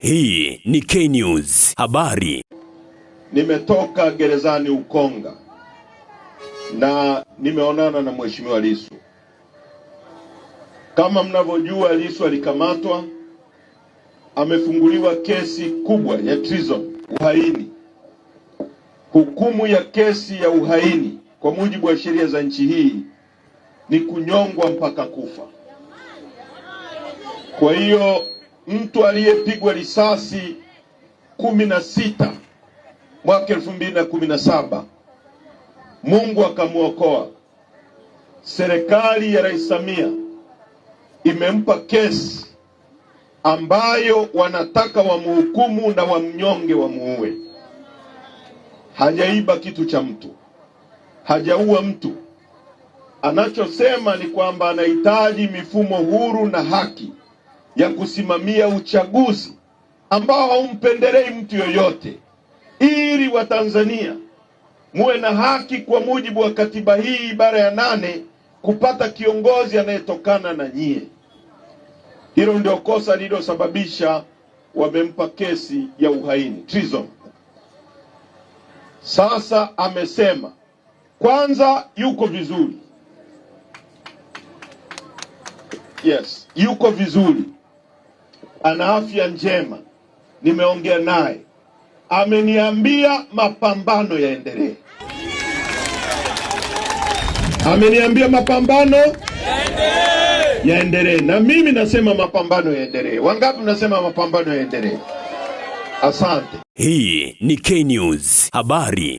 Hii ni K-News habari. Nimetoka gerezani Ukonga na nimeonana na Mheshimiwa Lissu. Kama mnavyojua, Lissu alikamatwa, amefunguliwa kesi kubwa ya treason, uhaini. Hukumu ya kesi ya uhaini kwa mujibu wa sheria za nchi hii ni kunyongwa mpaka kufa. Kwa hiyo mtu aliyepigwa risasi kumi na sita mwaka elfu mbili na kumi na saba Mungu akamwokoa. Serikali ya Rais Samia imempa kesi ambayo wanataka wamhukumu na wamnyonge, wamuue. Hajaiba kitu cha mtu, hajaua mtu. Anachosema ni kwamba anahitaji mifumo huru na haki ya kusimamia uchaguzi ambao haumpendelei mtu yoyote, ili Watanzania muwe na haki kwa mujibu wa katiba hii ibara ya nane kupata kiongozi anayetokana na nyie. Hilo ndio kosa lililosababisha wamempa kesi ya uhaini treason. Sasa amesema kwanza yuko vizuri, yes, yuko vizuri ana afya njema, nimeongea naye, ameniambia mapambano yaendelee, ameniambia mapambano yaendelee, na mimi nasema mapambano yaendelee. Wangapi mnasema mapambano yaendelee? Asante. Hii ni K News habari.